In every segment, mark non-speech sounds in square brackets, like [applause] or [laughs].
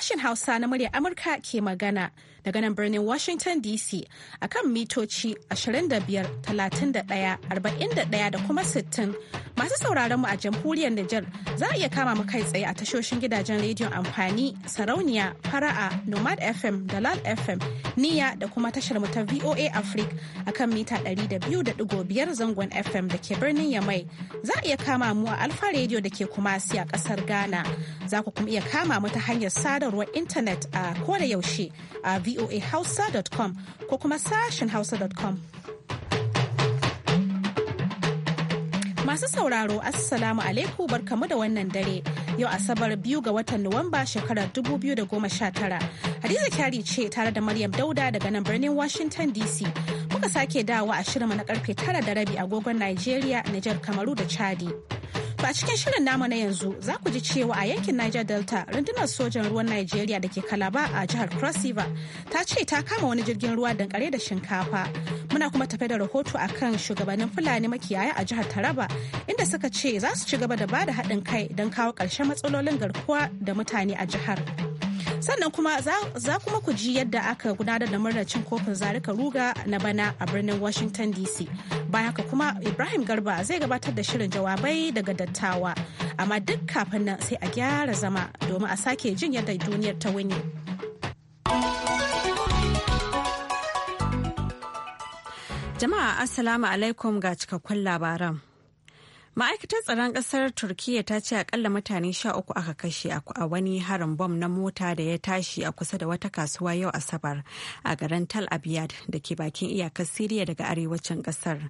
sashen Hausa na murya Amurka ke magana daga nan birnin Washington DC akan mitoci 25, 31, 41 da kuma 60. Masu sauraron mu a jamhuriyar Nijar za a iya kama mu kai tsaye a tashoshin gidajen rediyon amfani sarauniya fara'a nomad FM da lal FM niya da kuma tashar mu ta VOA Africa akan mita 200.5 zangon FM da ke birnin Yamai za a iya kama mu a Alfa rediyo da ke Kumasi a kasar Ghana za ku kuma iya kama mu ta hanyar sadarwar intanet a koda yaushe a voahausa.com ko kuma sashen hausa.com Masu sauraro Assalamu alaikum barkamu da wannan dare. Yau Asabar biyu ga watan Nuwamba shekarar 2019. Hadiza Kyari ce tare da Maryam Dauda daga nan birnin Washington DC. Muka sake dawa a shirma na karfe tara da rabi agogon Nigeria, niger Kamaru da Chadi. Ba cikin shirin namu na yanzu za ku ji cewa a yankin Niger Delta rundunar sojan ruwan Najeriya da ke Kalaba a jihar Cross River ta ce ta kama wani jirgin ruwa dankare da shinkafa. Muna kuma tafe da rahoto a kan shugabannin Fulani makiyaya a jihar Taraba inda suka ce za su ci gaba da ba da haɗin kai don kawo ƙarshen matsalolin garkuwa da mutane a jihar. sannan kuma za kuma ku ji yadda aka gudanar da murnar cin kofin zarika ruga na bana a birnin washington dc bayan haka kuma ibrahim garba zai gabatar da shirin jawabai daga dattawa amma duk kafin nan sai a gyara zama domin a sake jin yadda duniyar ta wuni jama'a assalamu alaikum ga cikakkun labaran ma'aikatar tsaron ƙasar turkiyya ta ce akalla mutane sha uku aka kashe a wani harin bom na mota da ya tashi a kusa da wata kasuwa yau asabar a garin tal abiyad da ke bakin iyakar siriya daga arewacin ƙasar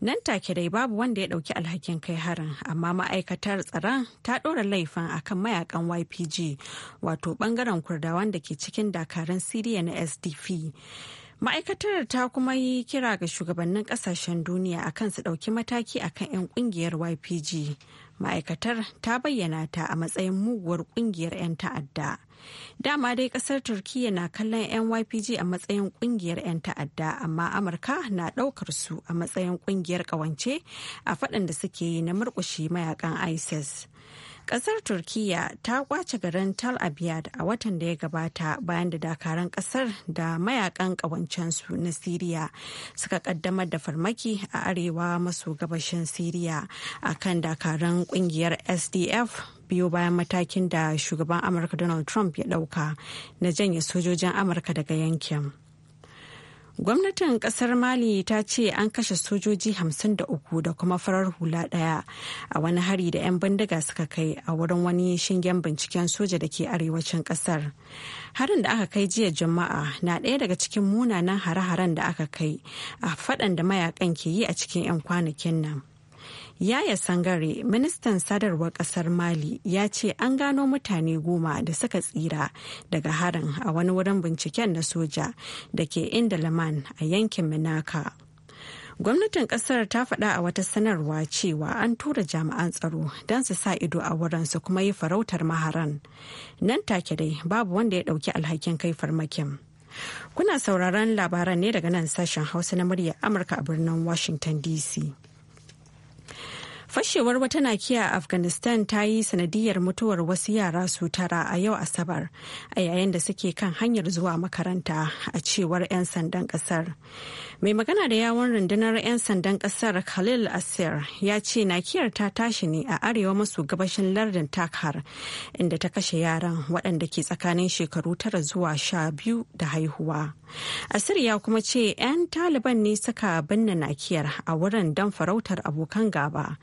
nan take dai babu wanda ya ɗauki alhakin kai harin amma ma'aikatar tsaron ta ɗora laifin akan mayakan ypg wato ɓangaren kurdawan da ke cikin dakarun siriya na sdp ma'aikatar ta kuma yi kira ga shugabannin kasashen duniya akan su ɗauki mataki a kan 'yan ƙungiyar ypg ma'aikatar ta bayyana ta a matsayin muguwar ƙungiyar 'yan ta'adda dama dai ƙasar Turkiyya na kallon 'yan ypg a matsayin ƙungiyar 'yan ta'adda amma amurka na ɗaukar su a matsayin ƙungiyar ƙawance a faɗin da suke yi na murƙushe mayakan isis Kasar Turkiyya ta kwace garin Tal Abyad a watan da ya gabata bayan da dakaran kasar da mayakan kawancensu na Siriya suka kaddamar da farmaki a arewa maso gabashin Siriya a kan dakaran kungiyar SDF biyu bayan matakin da shugaban Amurka Donald Trump ya dauka na janye sojojin Amurka daga yankin. Gwamnatin kasar Mali ta ce an kashe sojoji 53 da kuma farar hula ɗaya a wani hari da 'yan bindiga suka kai a wurin wani shingen binciken soja da ke arewacin kasar. Harin da aka kai jiya Juma'a na ɗaya daga cikin munanan hare-haren da aka kai a faɗan da mayakan ke yi a cikin 'yan kwanakin nan. Yaya Sangare, ministan sadarwar kasar Mali, ya ce an gano mutane goma da suka tsira daga harin a wani wurin binciken na soja da ke inda laman a yankin Minaka. Gwamnatin kasar ta faɗa a wata sanarwa cewa an tura jami'an tsaro don su sa ido a wurin su kuma yi farautar maharan. Nan take dai babu wanda ya ɗauki alhakin kai farmakin. Kuna sauraron labaran ne daga nan sashen Hausa na muryar Amurka a birnin Washington DC. Fashewar wata nakiya a Afghanistan ta yi sanadiyar mutuwar wasu yara su tara a yau Asabar a yayin da suke kan hanyar zuwa makaranta a cewar 'yan sandan kasar. Mai magana da yawon rundunar 'yan sandan kasar Khalil Asir ya ce nakiyar ta tashi ne a arewa maso gabashin lardin Takhar inda ta kashe yaran waɗanda ke tsakanin shekaru tara zuwa sha biyu da haihuwa. asir ya kuma ce 'yan taliban ne suka binne nakiyar a wurin don farautar abokan gaba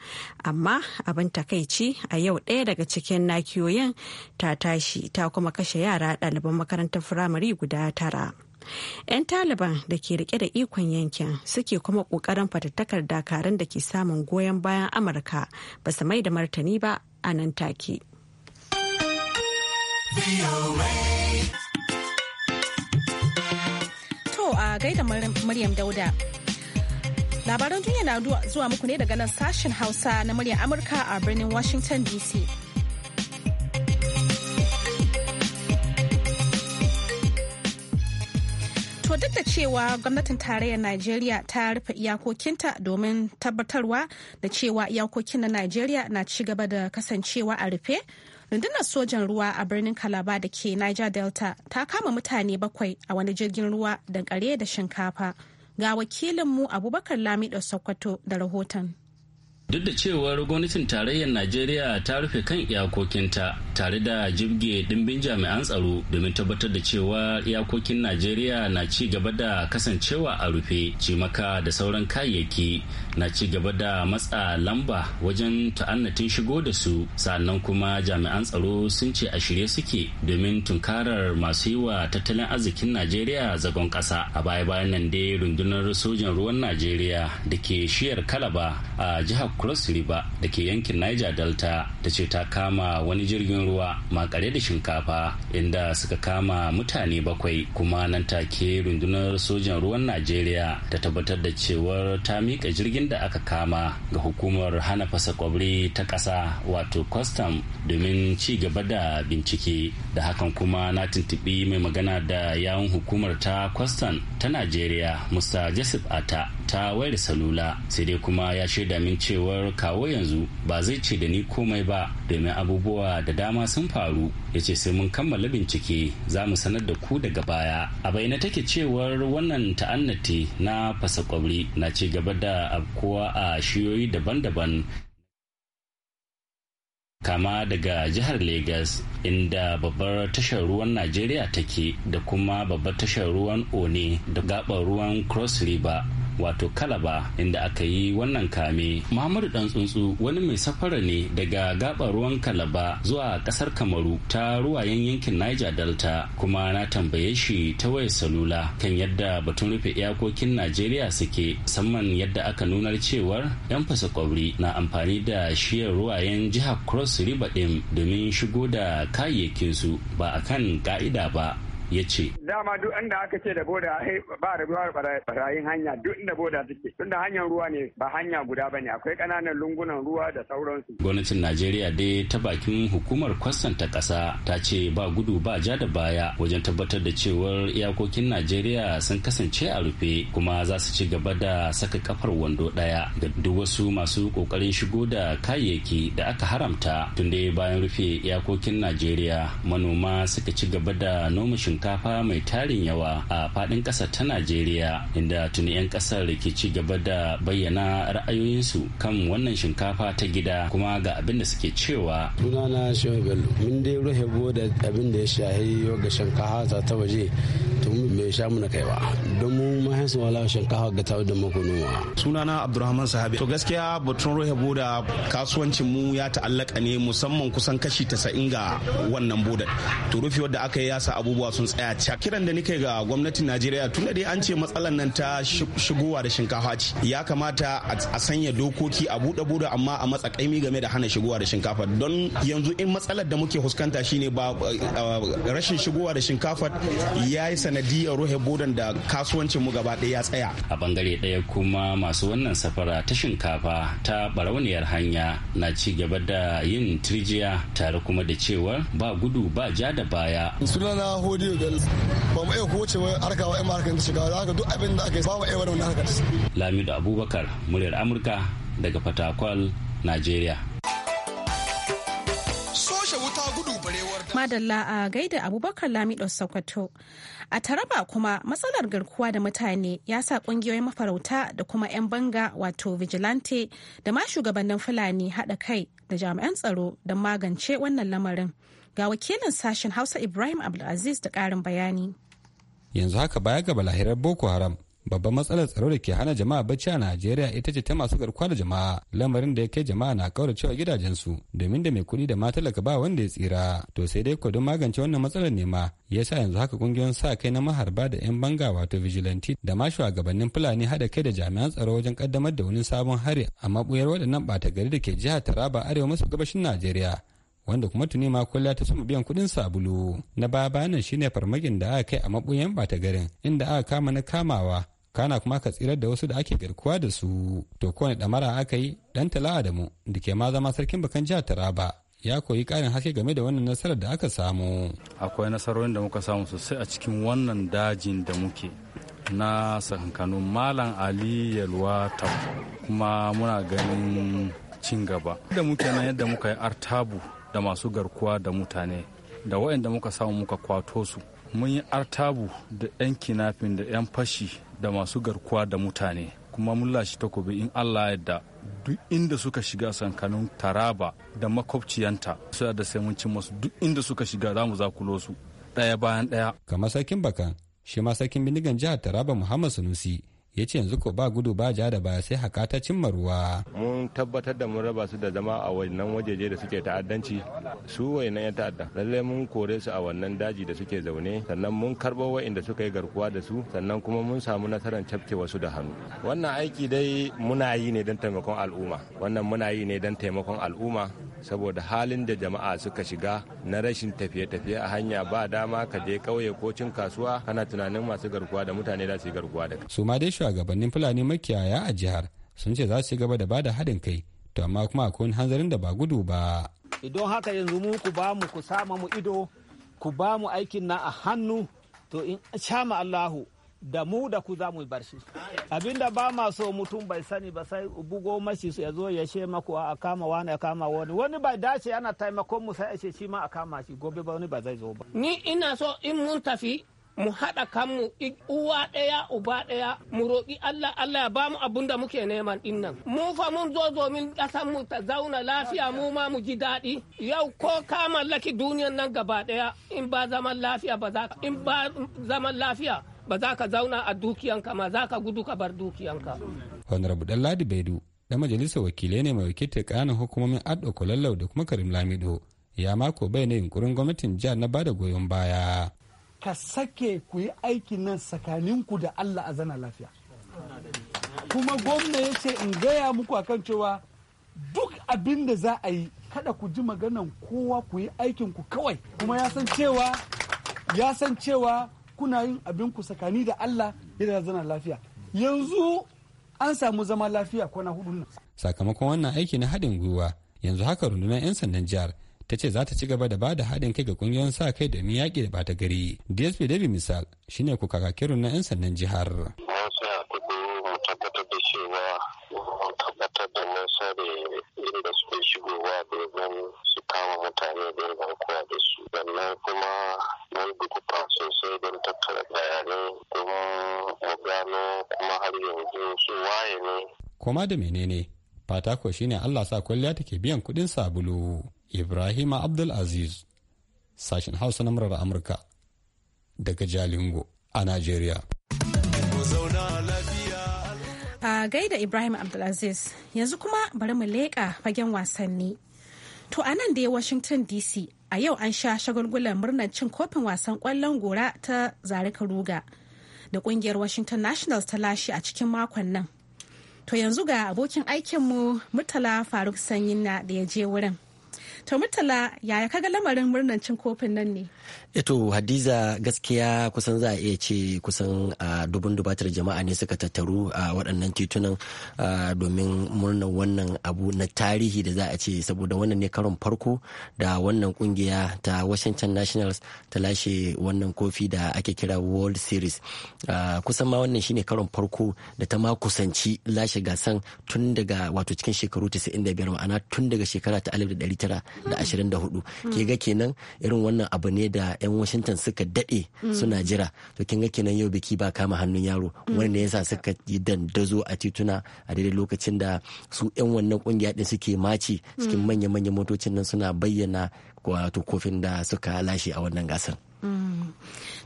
amma abin takaici a yau ɗaya daga cikin nakiyoyin ta tashi ta kuma kashe yara ɗaliban makarantar firamare guda tara 'yan taliban da ke rike da ikon yankin suke kuma kokarin fatattakar dakarun da ke samun goyon bayan amurka ba su mai da martani ba a nan take. a gaida Maryam Dauda. Labaran duniya na zuwa muku ne daga nan sashen Hausa na muryar Amurka a birnin Washington DC. To duk da cewa gwamnatin tarayyar Najeriya ta rufe iyakokinta domin tabbatarwa da cewa iyakokin na Najeriya na ci gaba da kasancewa a rufe, rundunar sojan ruwa a birnin kalaba da ke niger delta ta kama mutane bakwai a wani jirgin ruwa da kare da shinkafa ga wakilinmu abubakar lamido sokoto da rahoton duk da cewar gwamnatin tarayyar najeriya ta rufe kan iyakokinta tare da jibge dimbin jami'an tsaro domin tabbatar da cewa iyakokin najeriya na ci gaba da kasancewa a rufe cimaka da sauran kayayyaki na ci gaba da matsa lamba wajen ta'annatin shigo da su sannan kuma jami'an tsaro sun ce a shirye suke domin tunkarar masu yi wa tattalin arzikin najeriya zagon kasa. a baya-bayan nan dai rundunar sojan ruwan najeriya da ke shiyar kalaba a jihar cross river da ke yankin niger delta ta ce ta kama wani jirgin ruwa makare da shinkafa inda suka kama mutane bakwai kuma nan take rundunar sojan ruwan najeriya ta tabbatar da cewar ta mika jirgin da aka kama ga hukumar hana fasa kwabri ta ƙasa wato custom domin ci gaba da bincike da hakan kuma na tuntuɓi mai magana da yawun hukumar ta custom ta najeriya musa jasif ata ta wayar salula sai dai kuma ya shaida min cewa cewar kawo yanzu ba zai ce da ni komai ba domin abubuwa da dama sun faru ya ce sai mun kammala bincike za mu sanar da ku daga baya a bayyana take cewar wannan ta'annati na fasa kwabri na ci gaba da afkuwa a shiyoyi daban-daban kama daga jihar Legas inda babbar tashar ruwan Najeriya take da kuma babbar tashar ruwan One da gabar ruwan Cross River wato kalaba inda aka yi wannan kame muhammadu dan tsuntsu wani mai safara ne daga gabar ruwan kalaba zuwa kasar kamaru ta ruwayen yankin niger delta kuma na tambaye shi ta wayar salula kan yadda batun rufe iyakokin najeriya suke musamman yadda aka nunar cewar yan fasa kwabri na amfani da shiyar ruwayen jihar cross river din domin shigo da kayayyakin su ba a kan ka'ida ba ya ce. Dama duk inda aka ce da boda ba da barayin hanya duk inda boda take tunda hanyar ruwa ne ba hanya guda ba ne akwai kananan lungunan ruwa da sauransu. Gwamnatin Najeriya dai ta bakin hukumar kwastan ta ƙasa ta ce ba gudu ba ja da baya wajen tabbatar da cewar iyakokin Najeriya sun kasance a rufe kuma za su ci gaba da saka kafar wando ɗaya ga duk wasu masu ƙoƙarin shigo da kayayyaki da aka haramta tunda bayan rufe iyakokin Najeriya manoma suka ci gaba da noma shinkafa shinkafa mai tarin yawa a fadin kasa ta najeriya inda tuni 'yan ƙasar ke ci gaba da bayyana ra'ayoyinsu kan wannan shinkafa ta gida kuma ga abin da suke cewa sunana shehu bello mun dai ruhe da abin da ya shahi yau ga shinkafa ta waje tun me sha mu na kai ba don mu ma wala shinkafa ga tawo da mako sunana abdurrahman sahabi to gaskiya batun rohe boda kasuwancin mu ya ta'allaka ne musamman kusan kashi 90 ga wannan boda to rufe wanda aka yi yasa abubuwa sun tsaya ca kiran da nake ga gwamnatin Najeriya tun da dai an ce matsalan nan ta shigowa da shinkafa ci ya kamata a sanya dokoki a buɗe buɗe amma a matsa kaimi game da hana shigowa da shinkafa don yanzu in matsalar da muke fuskanta shine ba eh, eh, rashin shigowa da shinkafa ya yi sanadi a ruhe bodan da kasuwancin mu gaba ɗaya ya tsaya a bangare ɗaya kuma masu wannan safara ta shinkafa ta barauniyar hanya na ci gaba da yin tirjiya tare kuma da cewa ba gudu ba ja da baya na hodi da ba mu iya kowace harka wa yan harkar shinkafa za ka duk abin da aka yi ba mu iya wani harkar lamido abubakar muryar amurka daga fatakwal najeriya Madalla a gaida Abubakar Lamido Sokoto. A Taraba kuma matsalar garkuwa da mutane ya sa kungiyoyin mafarauta da kuma 'yan banga wato vigilante da ma shugabannin Fulani haɗa kai da jami'an tsaro don magance wannan lamarin. Ga wakilin sashen Hausa Ibrahim Abdulaziz da ƙarin bayani. Yanzu haka baya ga lahirar Boko Haram babban matsalar tsaro da ke hana jama'a bacci a najeriya ita ce ta masu garkuwa da jama'a lamarin da ya kai jama'a na kaura cewa gidajensu domin da mai kuɗi da ma talaka ba wanda ya tsira to sai dai ko magance wannan matsalar ne ma ya sa yanzu haka kungiyoyin sa kai na maharba da yan banga wato vigilante da ma shugabannin fulani hada kai da jami'an tsaro wajen kaddamar da wani sabon hari a mabuyar waɗannan ɓata gari da ke jihar taraba arewa maso gabashin najeriya wanda kuma tuni ma kulla ta sama biyan kudin sabulu na baya bayanan shine farmakin da aka kai a mabuyan bata garin inda aka kama na kamawa kana kuma ka tsirar da wasu da ake garkuwa da su to kowane damara aka yi dan tala adamu da ke ma zama sarkin bakan jihar taraba ya koyi karin haske game da wannan nasarar da aka samu akwai nasarorin da muka samu sosai a cikin wannan dajin da muke na sakankanin malam ali yalwa kuma muna ganin cin gaba da muke nan yadda muka yi artabu da masu garkuwa da mutane da waɗanda muka samu muka kwato su mun yi artabu da 'yan kinafin da 'yan fashi da masu garkuwa da mutane kuma mun lashe takobi in allah yadda duk inda suka shiga sankanin taraba da makwabciyanta su da sai mun cin masu duk inda suka shiga za mu zakulo su ɗaya bayan ɗaya. kamar sarkin Bakan shi ma sarkin bindigan jihar taraba muhammad sanusi ya ce yanzu ko ba gudu ba ja da baya sai haka ta cimma ruwa. Mun tabbatar da mun raba su da zama a wannan wajeje da suke ta'addanci su wayannan 'yan ta'adda. Lallai mun kore su a wannan daji da suke zaune sannan mun karɓo wa'inda suka yi garkuwa da su sannan kuma mun samu nasarar cafke wasu da hannu. Wannan aiki dai muna yi ne don taimakon al'umma. Wannan muna yi ne don taimakon al'umma saboda halin da jama'a suka shiga na rashin tafiye-tafiye a hanya ba dama ka je kauye ko cin kasuwa kana tunanin masu garkuwa da mutane za su yi garkuwa da su ma dai shugabannin fulani makiyaya a jihar sun ce za su gaba da bada haɗin kai to amma kuma akwai hanzarin da ba gudu ba idan haka yanzu mu ku ba mu ku sama mu ido ku ba mu aikin na a hannu to in sha ma Allahu da mu da ku za mu bar shi abinda ba ma so mutum bai sani ba sai bugo mashi ya zo ya she maku a kama wani a kama wani wani bai dace ana taimakon mu sai a ce shi ma a kama shi gobe ba wani ba zai zo ba ni ina so in mun tafi mu haɗa kanmu uwa ɗaya uba ɗaya mu roki Allah Allah ya bamu abun da muke neman din nan mu fa mun zo domin ƙasar mu ta zauna lafiya mu ma mu ji daɗi yau ko ka mallaki duniyan nan gaba ɗaya in ba zaman lafiya ba za in ba zaman lafiya ba za ka zauna a dukiyanka ma za ka gudu ka bar dukiyanka. Honorable Ladi Baidu da majalisar wakilai ne mai wakiltar ƙananan hukumomin Addo lallau da kuma Karim Lamido ya mako bai na yunkurin gwamnatin jihar na bada goyon baya. Ka sake ku yi aiki nan tsakaninku da Allah a zana lafiya. Kuma gwamna ya ce in gaya muku akan cewa duk abin da za a yi kada ku ji maganan kowa ku yi aikin kawai kuma ya san cewa ya san cewa kuna yin abin ku sakani da Allah yadda zana lafiya yanzu an samu zama lafiya kwana hudu nan sakamakon wannan aiki na haɗin gwiwa yanzu haka rundunar 'yan sandan jihar ta ce za ta ci gaba da ba da haɗin kai ga ƙungiyoyin sa kai domin yaƙi da bata gari dsp dabi misal shine ku kakakin rundunar 'yan sandan jihar da cewa tabbatar da sare inda suke shigowa domin su kama mutane da yin da su sannan kuma mun dukufa sosai don tattara bayanai kuma mu gano kuma har yanzu su waye ne. Koma da menene fata ko shine Allah sa kwalliya take biyan kuɗin sabulu Ibrahim Abdul Aziz sashen Hausa na murar Amurka daga Jalingo a Najeriya. A gaida Ibrahim Abdulaziz yanzu kuma bari mu leƙa fagen wasanni. To a nan da ya Washington DC a yau an sha shagulgulan murnar cin kofin wasan kwallon gora ta zarika ruga da kungiyar washington nationals ta lashe a cikin makon nan to yanzu ga abokin aikinmu murtala faruk sanyin na da ya je wurin To Murtala yaya ga lamarin murnan cin kofin nan ne? Eto Hadiza gaskiya kusan za a iya ce kusan dubun dubatar jama'a ne suka tattaru a waɗannan titunan domin murnan wannan abu na tarihi da za a ce saboda wannan ne karon farko da wannan kungiya ta Washington Nationals ta lashe wannan kofi da ake kira World Series. Kusan ma wannan shine karon farko da ta ma kusanci lashe gasan tun daga wato cikin shekaru 95 ma'ana tun daga shekara ta 1900 da ashirin 24 ke ga kenan irin wannan abu ne da 'yan washington suka daɗe suna jira to kin ga kenan yau biki ba kama hannun yaro wani ne yasa suka yi dandazo a tituna a daidai lokacin da su 'yan wannan kungiya din suke maci cikin manya-manya motocin nan suna bayyana wato kofin da suka lashe a wannan gasar. Mm.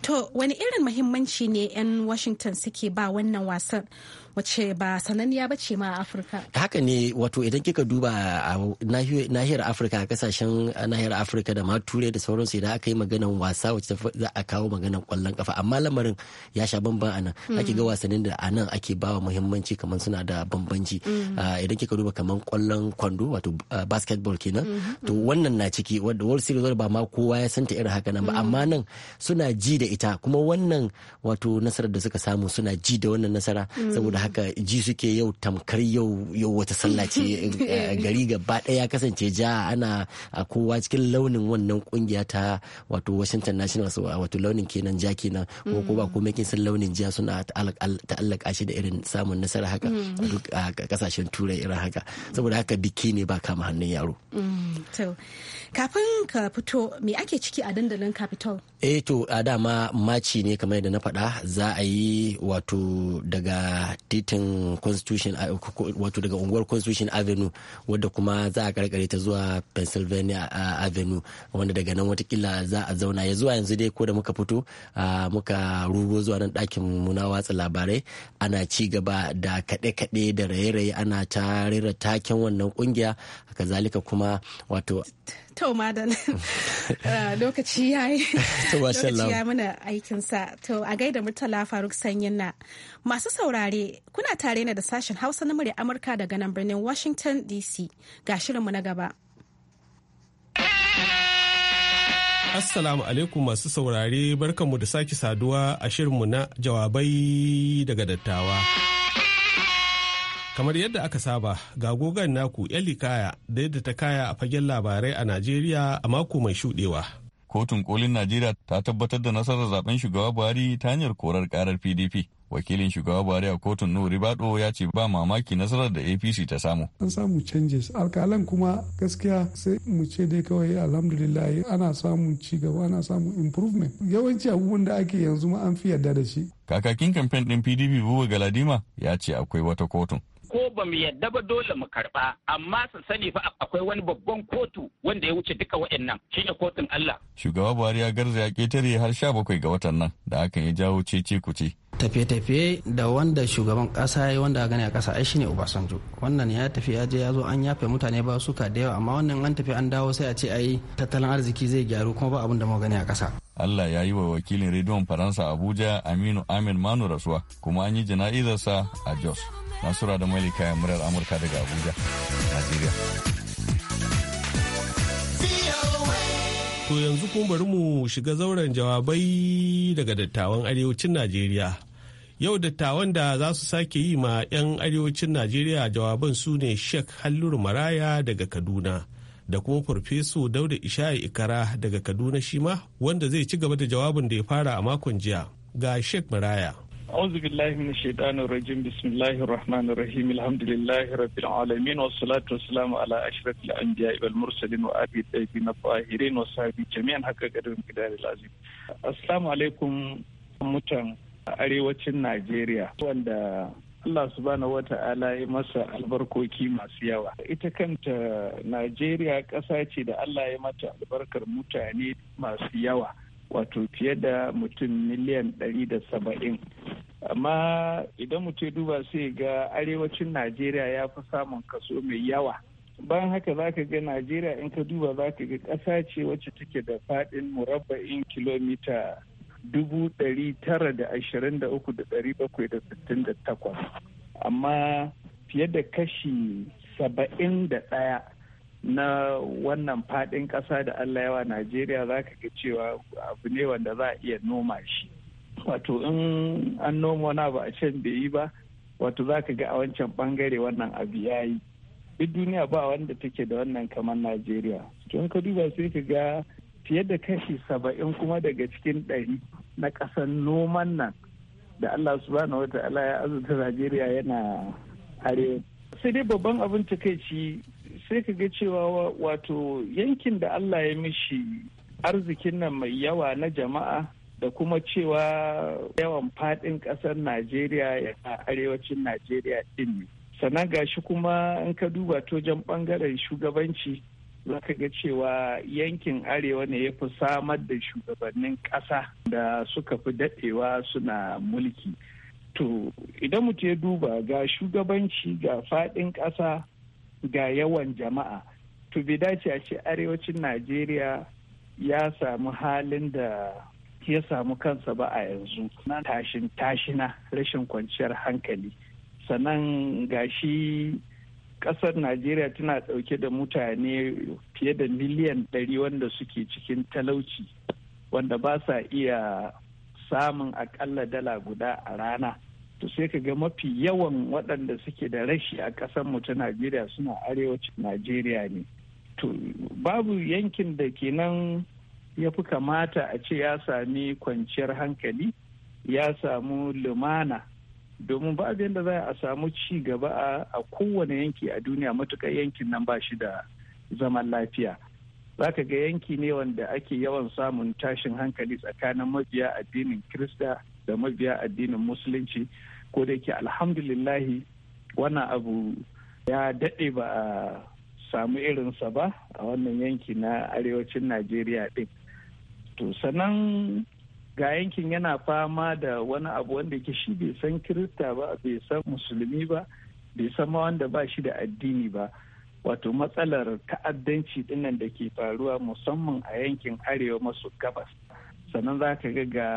To wani irin muhimmanci ne 'yan Washington suke ba wannan wasan Wace ba sananniya ba ce ma a afirka haka ne wato idan kika duba a nahiyar afirka a kasashen nahiyar afirka da ma turai da sauransu idan aka yi maganan wasa wacce za a kawo maganan kwallon kafa amma lamarin ya sha bamban a nan mm. ake ga wasannin da a nan ake bawa muhimmanci kamar suna da bambanci mm. idan kika duba kamar kwallon kwando wato basketball kenan mm-hmm. to wannan na ciki wadda world series ba ma kowa ya santa irin haka nan ba mm. amma nan suna ji da ita kuma wannan wato nasarar da suka samu suna ji da wannan nasara saboda haka ji suke yau tamkar yau yau wata sallah ce [laughs] eh, gari gaba ɗaya kasance ja ana a kowa cikin launin wannan kungiya ta wato Washington Nationals wato launin kenan ja kenan ko ko ba komai kin san launin ja suna ta'allaka shi da irin samun nasara haka a duk kasashen turai irin haka saboda haka biki ne ba kama hannun yaro. Mm, kafin ka fito me ake ciki a dandalin capital Eh to a dama maci ne kamar yadda na faɗa za a yi wato daga titin constitution wato daga unguwar constitution avenue wadda kuma za a karkare ta zuwa pennsylvania avenue wanda daga nan watakila za a zauna ya zuwa yanzu dai ko da muka fito muka rugo zuwa nan ɗakin mu na watsa labarai ana ci gaba da kaɗe-kaɗe da raye-raye ana ta rera taken wannan kungiya kazalika kuma wato to madan [laughs] ah, lokaci ya yi [laughs] mana aikin mana aikinsa to a gaida murtala faruk sanyin na masu saurare kuna tare na da sashen hausa na murya amurka daga nan birnin washington dc ga shirinmu na gaba Assalamu alaikum masu saurare barkanmu da sake saduwa a shirinmu na jawabai daga dattawa. kamar yadda aka saba ga gogon naku yali kaya da yadda ta kaya a fagen labarai a najeriya a mako mai shudewa kotun kolin najeriya ta tabbatar da nasarar zaben shugaba buhari ta hanyar korar karar pdp wakilin shugaba buhari a kotun nuri bado ya ce ba mamaki nasarar da apc ta samu an samu canjes alkalan kuma gaskiya sai mu ce dai kawai alhamdulillah ana samun cigaba ana samun improvement yawanci abubuwan da ake yanzu ma an fi yarda da shi kakakin kamfen din pdp buba galadima ya ce akwai wata kotun ko ba mu yadda ba dole mu karba amma su sani fa akwai wani babban kotu wanda ya wuce duka waɗannan shine kotun Allah. Shugaba Buhari ya garza ya ketare har sha bakwai ga watan nan da hakan ya jawo cece kuce. tafiye-tafiye da wanda shugaban kasa ya wanda a gani a kasa ai shine obasanjo wannan ya tafi ya je ya zo an yafe mutane ba suka da yawa amma wannan an tafi an dawo sai a ce ai tattalin arziki zai gyaru kuma ba abin da mu gani a kasa Allah ya yi wa wakilin rediyon Faransa Abuja Aminu Amin Manu rasuwa kuma an yi jana'izarsa a Jos. Nasura da Mali kayan murar Amurka daga Abuja, Najeriya. To yanzu kuma bari mu shiga zauren jawabai daga dattawan arewacin Najeriya. Yau dattawan da za su sake yi ma 'yan arewacin Najeriya jawaban su ne Sheikh hallur Maraya daga Kaduna. da kuma farfeso dauda isha'i ikara daga kaduna shima wanda zai ci gaba da jawabin da ya fara a makon jiya ga sheikh maraya أعوذ بالله من الشيطان الرجيم بسم الله الرحمن الرحيم الحمد لله رب العالمين والصلاة والسلام على أشرف الأنبياء والمرسلين وآبي الطيبين الطاهرين وصحابي جميعا حق قدر كدار العظيم السلام عليكم متن arewacin نيجيريا wanda Allah subhanahu wa ta'ala ya masa albarkoki masu yawa. Ita kanta Najeriya ƙasa ce da Allah ya mata albarkar mutane masu yawa wato fiye da mutum miliyan ɗari da saba'in. amma idan mu ce duba sai ga arewacin najeriya ya fi samun kaso mai yawa bayan haka za ka ga najeriya in ka duba za ka ga ƙasa ce wacce take da faɗin murabba'in kilomita dubu ɗari tara da ashirin da uku da ɗari bakwai da sittin da takwas amma fiye da kashi saba'in da ɗaya na wannan faɗin ƙasa da allah yawa najeriya za ka ga cewa abu ne wanda za a iya noma shi wato in an noma wani ba a can bai yi ba wato za ka ga a wancan bangare wannan abu ya yi duk duniya ba wanda take da wannan kamar najeriya in ka duba sai ka ga fiye da kashi saba'in kuma daga cikin ɗari na ƙasar noman nan da allah subhanahu wa ta'ala ya azurta najeriya yana arewa sai dai babban abin takaici sai ka ga cewa wato yankin da allah ya mishi arzikin nan mai yawa na jama'a da kuma cewa yawan fadin kasar najeriya ya arewacin najeriya din ne sannan gashi kuma in ka duba tojan bangaren shugabanci za ka ga cewa yankin arewa ne ya fi samar da shugabannin ƙasa da suka fi daɗewa suna mulki to idan mutu ya duba ga shugabanci ga faɗin ƙasa ga yawan jama'a to bai dace a ce arewacin najeriya ya samu halin da ya samu kansa ba a yanzu na tashin tashina rashin kwanciyar hankali sannan gashi kasar najeriya tana dauke da mutane fiye da miliyan ɗari. wanda suke cikin talauci wanda ba sa iya samun aƙalla dala guda a rana to sai ka ga mafi yawan waɗanda suke da rashi a ƙasar mu ta najeriya suna arewacin najeriya ne to babu yankin da ke nan ya fi kamata a ce ya sami kwanciyar hankali ya samu lumana domin ba abin da za a samu ci gaba a kowane yanki a duniya matukar yankin nan ba shi da zaman lafiya za ka ga yanki ne wanda ake yawan samun tashin hankali tsakanin mabiya addinin kirista da mabiya addinin musulunci ko da yake alhamdulillahi wannan abu ya daɗe ba a samu irinsa ba a wannan yanki na arewacin najeriya ɗin to sannan ga yankin yana fama da wani abu wanda ke shi bai san kirista ba bai san musulmi ba bai san ma wanda ba shi da addini ba wato matsalar ta'addanci dinnan da ke faruwa musamman a yankin arewa masu gabas sannan za ka ga ga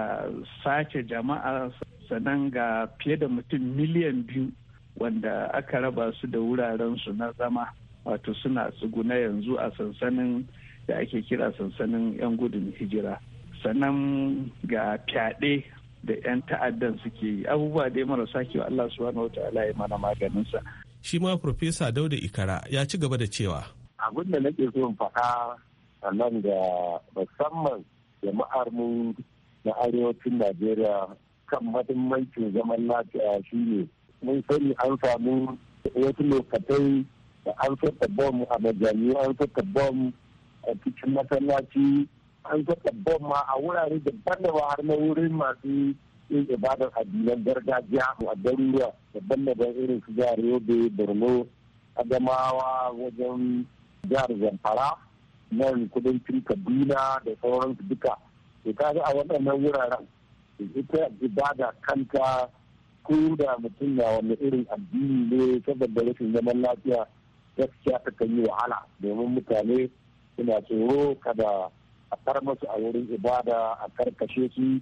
sace jama'a sannan ga fiye da mutum miliyan biyu wanda aka raba su da wuraren su na zama wato suna tsuguna yanzu a sansanin da ake kira sansanin 'yan gudun hijira sannan ga fyaɗe da 'yan ta'addan suke yi abubuwa dai marasa kyau Allah subhanahu wa ta'ala ya mana maganinsa. Shi ma Profesa Dauda Ikara ya ci gaba da cewa. Abin da nake so faɗa a ga da musamman jama'ar mu na arewacin Najeriya kan mahimmancin zaman lafiya shine ne mun sani an samu wasu lokatai da an fata bom a majami'u an fata bom a cikin masallaci an saka ma a wurare da daban har na wurin masu yin ibadar addinan gargajiya a garuruwa da daban irin su jihar yobe borno adamawa wajen jihar zamfara nan kudancin kaduna da sauransu duka to ga a waɗannan wuraren ita ibada kanta ko da mutum na wani irin addini ne saboda rashin zaman lafiya gaskiya ta kan yi wahala domin mutane suna tsoro kada a far masu a wurin ibada a karkashe su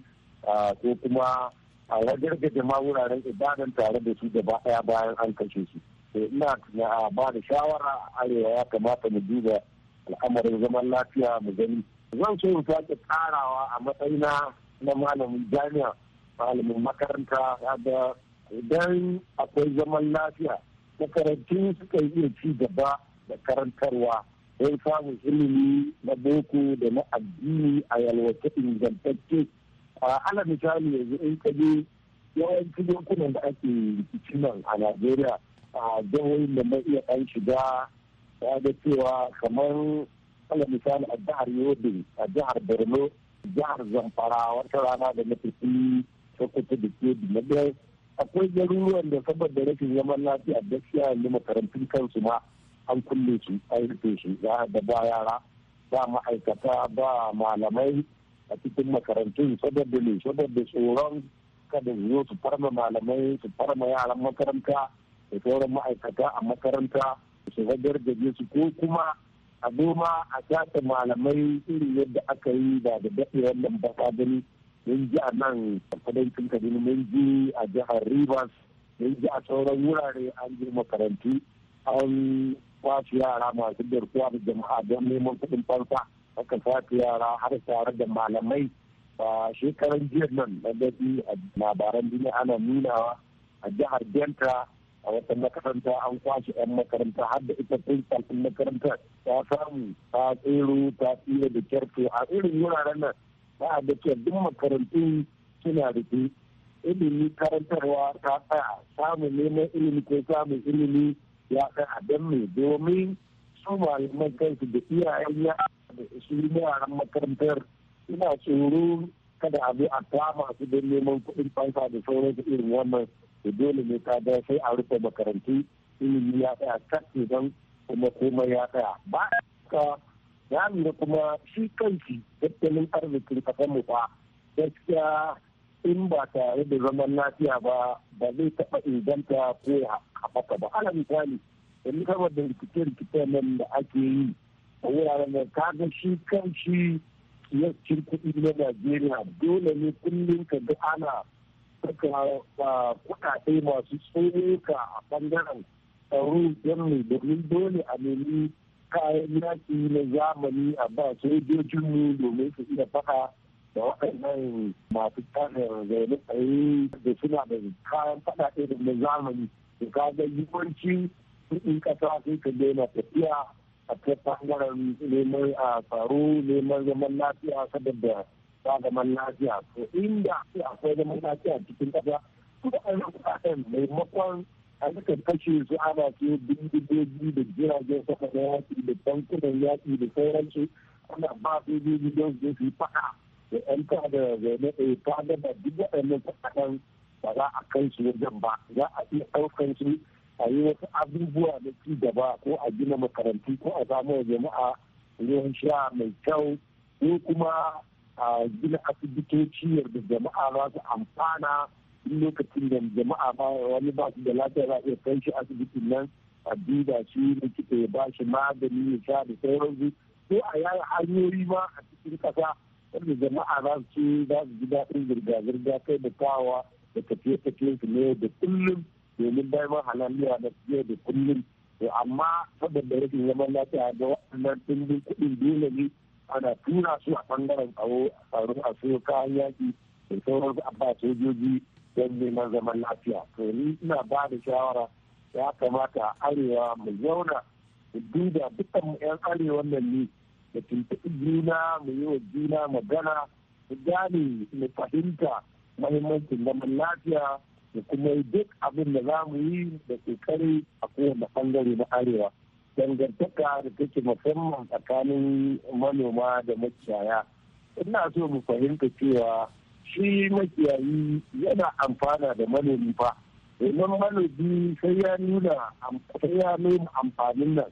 ko kuma a da ma wuraren ibadan tare da su gaba ɗaya bayan an kashe su ina na ba da shawara arewa ya kamata mu duba al'amarin zaman lafiya mu gani zan so in sake karawa a matsayina na malamin jami'a malamin makaranta da idan akwai zaman lafiya makarantu suka iya ci gaba da karantarwa don samun ilimi na boko da na addini a yalwace ingantacce ana misali yanzu in ka je yawanci yankunan da ake nan a najeriya a jihohin da mai iya ɗan shiga ya ga cewa kamar ala misali a jihar yobe a jihar borno jihar zamfara wata rana da na tafi sokoto da ke na akwai garuruwan da saboda rashin zaman lafiya da shi a yanzu makarantun kansu ma an kulle su an rufe su da ba yara ba ma'aikata ba malamai a cikin makarantun saboda ne saboda tsoron kada su zo su farma malamai su farma yaran makaranta da sauran ma'aikata a makaranta su hagar da su ko kuma a goma a sace malamai irin yadda aka yi da da daɗewar nan ba gani mun ji a nan kudancin kaduna mun ji a jihar rivers mun ji a sauran wurare an je makarantu an kwafi yara masu garkuwa da jama'a don neman kuɗin fansa aka kwafi yara har tare da malamai a shekaran jiya nan na daɗi a labaran duniya ana nunawa a jihar delta a wata makaranta an kwashe 'yan makaranta har da ita principal ɗin makarantar ta samu ta tsero ta tsira da kyarto a irin wuraren nan ba a da duk makarantu suna rufe ilimi karantarwa ta tsaya samun neman ilimi ko samun ilimi ya a dan ne domin su malaman kansu da iyayen ya da su yaran makarantar ina tsoro kada a zo a kama su don neman kuɗin fansa da sauransu irin wannan da dole ne ta da sai a rufe makarantu ilimi ya tsaya kan idan kuma komai ya tsaya ba ka ya nuna kuma shi kanki tattalin arzikin kasar mu ba gaskiya in ba tare da zaman lafiya ba ba zai taɓa inganta ko ya haɓaka ba ala misali yanzu da rikice-rikice nan da ake yi a wuraren da kaga shi kan shi yancin kuɗi na najeriya dole ne kullum ka ga ana saka ah, kuɗaɗe masu tsoka a ɓangaren tsaro don mai domin dole a nemi kayan yaki na zamani a ba sojojinmu domin su iya faɗa da waɗannan masu tsarin ya tsaye da suna da kayan faɗaɗe da na zamani da kaga yawanci kuɗin ƙasa sai ka daina tafiya a ta ɓangaren neman a tsaro neman zaman lafiya saboda ba zaman lafiya ko inda akwai zaman lafiya cikin ƙasa kuma an kuɗaɗen maimakon a suka kashe su ana ce bindigogi da jiragen sama da yaƙi da bankunan yaƙi da sauransu ana ba sojoji don su yi faɗa da yan da zaune ɗaya ta da duk waɗannan kaɗan ba za a kai su wajen ba za a iya ɗaukan su a yi wasu abubuwa na ci gaba ko a gina makarantu ko a samu jama'a ruwan sha mai kyau ko kuma a gina asibitoci yadda jama'a za su amfana lokacin da jama'a ba wani ba su da lafiya za a iya kai shi asibitin nan a duba shi likita ya ba shi magani ya sha da sauransu ko a yaya hanyoyi ma a cikin ƙasa wanda jama'a za su za su ji daɗin zirga-zirga kai da kawa da tafiye-tafiye su ne da kullum domin bayan halaliya da su da kullum to amma saboda rashin zaman lafiya da waɗannan tundun kuɗin dole ne ana tura su a ɓangaren tsaro a a siyo kayan yaƙi da sauran a ba sojoji don neman zaman lafiya to ni ina ba da shawara ya kamata arewa mu zauna duba dukkan 'yan arewa nan ne da tuntuɓi juna mu yi wa juna magana mu gane mu fahimta mahimmancin zaman lafiya da kuma duk abin da za mu yi da kokari a kowane bangare na arewa dangantaka da take musamman tsakanin manoma da makiyaya ina so mu fahimta cewa shi makiyayi yana amfana da manomi fa domin manomi sai ya nuna sai ya nuna amfanin nan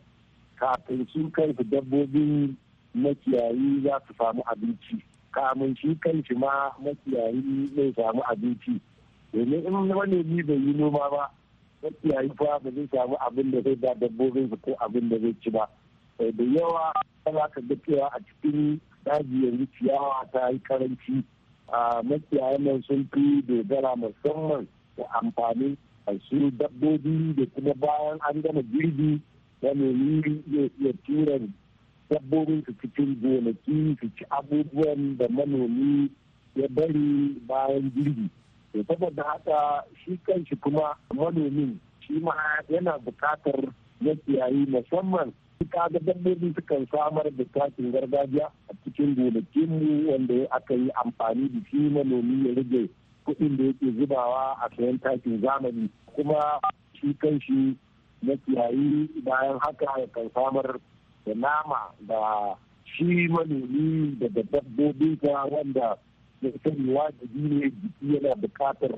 kafin su kai dabbobin makiyayi za su samu abinci kamun shi kanshi ma makiyayi zai samu abinci domin in manomi bai yi noma ba makiyayi fa ba zai samu abin da zai da dabbobin su ko abin da zai ci ba da yawa za ka ga cewa a cikin daji yanzu ciyawa ta yi karanci a makiyayi nan sun fi dogara musamman da amfani a su dabbobi da kuma bayan an gama girbi manomi zai iya tura dabbobin su cikin gonaki su ci abubuwan da manomi ya bari bayan girbi to saboda haka shi kanshi kuma manomin shi ma yana bukatar makiyayi musamman kaga dabbobi sukan samar da takin gargajiya a cikin gonakinmu wanda aka yi amfani da shi manomi ya rage kuɗin da yake zubawa a sayan takin zamani kuma shi kanshi kiyayi bayan haka kan samar da nama da shi manomi daga dabbobinsa wanda ya sani wajibi ne jiki yana bukatar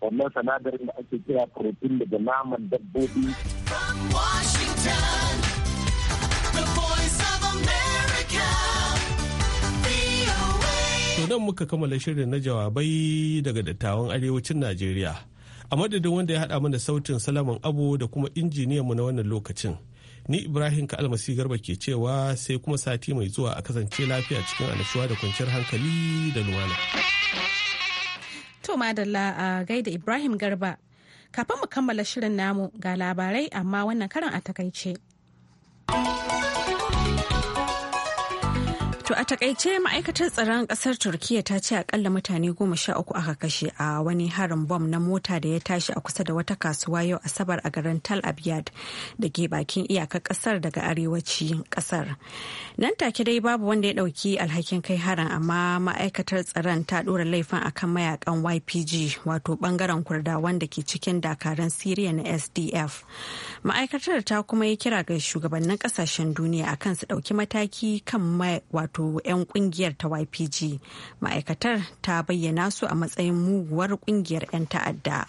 wannan sanadarin da ake kira protein daga naman dabbobi. nan muka kammala shirin na jawabai daga dattawan arewacin Najeriya. A madadin wanda ya haɗa mana sautin salaman abu da kuma injiniyanmu na wannan lokacin. Ni Ibrahim ka almasi Garba ke cewa sai kuma sati mai zuwa a kasance lafiya cikin annashuwa da kwanciyar hankali da lumana. To madalla a gaida Ibrahim Garba. Kafin mu kammala shirin namu ga labarai amma wannan karan a takaice. To a takaice ma'aikatar tsaron kasar Turkiyya ta ce akalla mutane goma sha uku aka kashe a wani harin bom na mota da ya tashi a kusa da wata kasuwa yau Asabar a garin Tal Abyad da ke bakin iyakar kasar daga arewacin kasar. Nan take dai babu wanda ya dauki alhakin kai harin amma ma'aikatar tsaron ta dora laifin akan mayakan YPG wato bangaren kurda wanda ke cikin dakaran Siriya na SDF. Ma'aikatar ta kuma yi kira ga shugabannin kasashen duniya akan su dauki mataki kan wato wato 'yan kungiyar ta YPG. Ma'aikatar ta bayyana su a matsayin muguwar kungiyar 'yan ta'adda.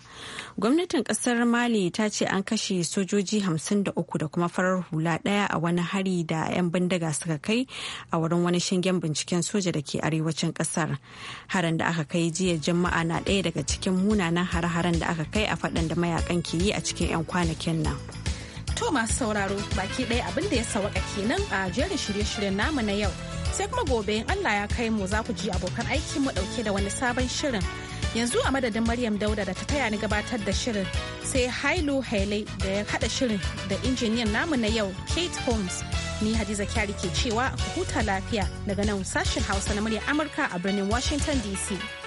Gwamnatin kasar Mali ta ce an kashe sojoji hamsin da uku da kuma farar hula ɗaya a wani hari da 'yan bindiga suka kai a wurin wani shingen binciken soja da ke arewacin kasar. Harin da aka kai jiya juma'a na ɗaya daga cikin munanan har haren da aka kai a faɗan da mayakan ke yi a cikin 'yan kwanakin nan. To masu sauraro baki ɗaya abin da ya sawaka kenan a jerin shirye-shiryen namu na yau. sai kuma gobe in Allah ya kai mu za ku ji abokan aikin mu dauke da wani sabon shirin yanzu a madadin Maryam Dauda da ta taya ni gabatar da shirin sai Hailu Haile da ya hada shirin da injiniyan namu na yau Kate Holmes ni Hadiza Kyari ke cewa huta lafiya daga nan sashen Hausa na murya Amurka a birnin Washington DC.